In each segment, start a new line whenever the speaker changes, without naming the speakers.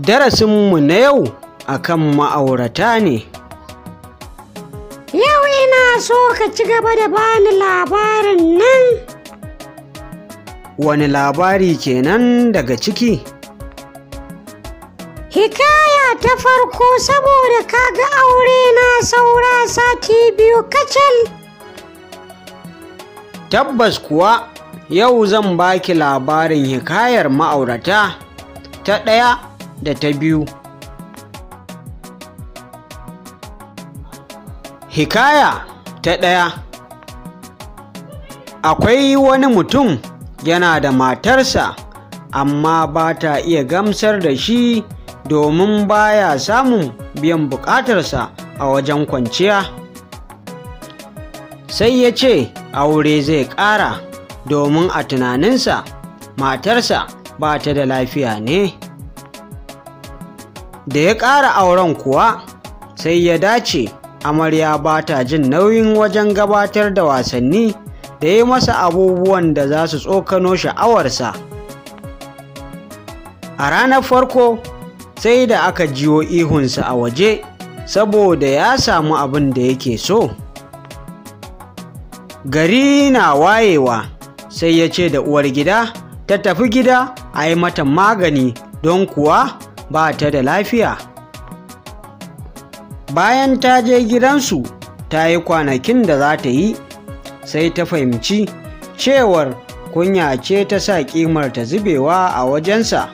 Darasinmu na yau akan ma'aurata ne. Yau ina so ka ci gaba da bani labarin nan. Wani labari kenan daga ciki? Hikaya ta farko saboda kaga aure na saura sati biyu kacal. Tabbas kuwa yau zan baki labarin hikayar ma'aurata ta ɗaya da ta biyu hikaya ta ɗaya akwai wani mutum yana da matarsa amma ba ta iya gamsar da shi domin baya samun biyan bukatarsa a wajen kwanciya sai ya ce aure zai ƙara domin a tunaninsa matarsa ba ta da lafiya ne da ya ƙara auren kuwa sai ya dace amarya ba ta jin nauyin wajen gabatar da wasanni da ya masa abubuwan da za su tsokano sha'awarsa a ranar farko sai da aka jiwo ihunsa a waje saboda ya samu abin da yake so gari na wayewa sai ya ce da uwar gida ta tafi gida a yi mata magani don kuwa ba ta da lafiya bayan ta je gidansu ta yi kwanakin da za ta yi sai ta fahimci cewar kunya ce ta sa ƙimar ta zubewa a wajensa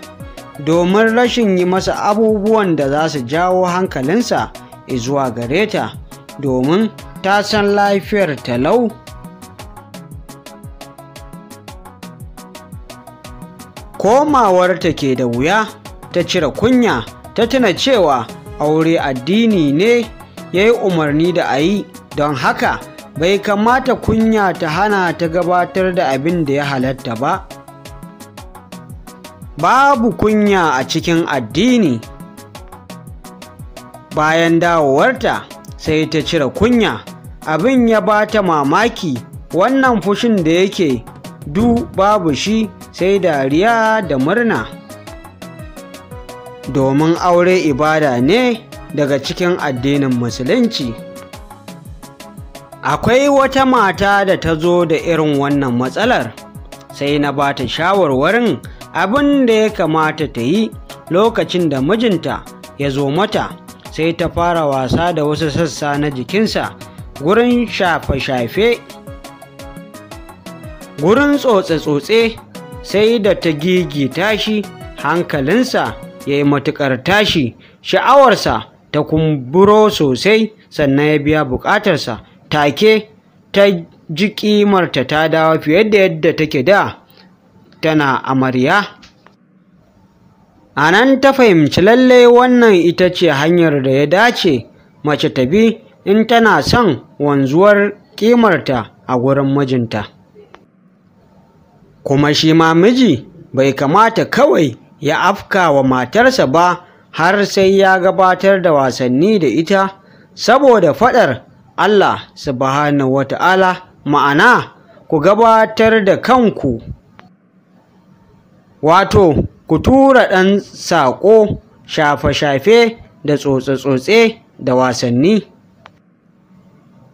domin rashin yi masa abubuwan da za su jawo hankalinsa zuwa gare ta domin ta san lafiyar talau komawarta ke da wuya ta cire kunya ta tuna cewa aure addini ne ya yi umarni da a yi don haka bai kamata kunya ta hana ta gabatar da abin da ya halatta ba babu kunya a cikin addini bayan dawowarta sai ta cire kunya abin ya ba ta mamaki wannan fushin da yake du babu shi sai dariya da murna domin aure ibada ne daga cikin addinin musulunci akwai wata mata da ta zo da irin wannan matsalar sai na ba ta shawarwarin abin da ya kamata ta yi lokacin da mijinta ya zo mata sai ta fara wasa da wasu sassa na jikinsa gurin shafe-shafe gurin tsotse-tsotse sai da ta gigita shi hankalinsa ya yi matuƙar tashi sha'awarsa ta kumburo sosai sannan ya biya buƙatarsa take ta ji ƙimarta ta dawo fiye da yadda take da tana amarya a nan ta fahimci lallai wannan ita ce hanyar da ya dace mace ta bi in tana son wanzuwar ƙimarta a gurin mijinta kuma shi ma miji bai kamata kawai ya afka wa matarsa ba har sai ya gabatar da wasanni da ita saboda faɗar Allah subhanahu wata'ala ma'ana ku gabatar da kanku wato ku tura ɗan saƙo shafe-shafe da tsotse-tsotse da wasanni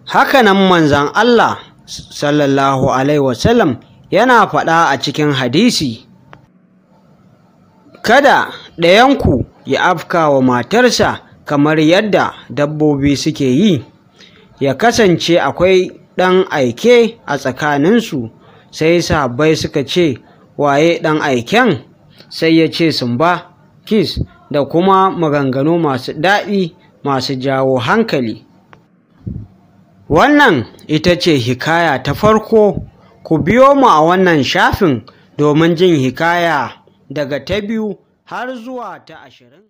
hakanan manzan Allah sallallahu alaihi wasallam yana faɗa a cikin hadisi kada ɗayanku ya afka wa matarsa kamar yadda dabbobi suke yi ya kasance akwai ɗan aike a tsakaninsu sai sabai suka ce waye ɗan aiken sai ya ce sumba kis da kuma maganganu masu daɗi masu jawo hankali wannan ita ce hikaya ta farko ku biyo mu a wannan shafin domin jin hikaya daga ta biyu har zuwa ta ashirin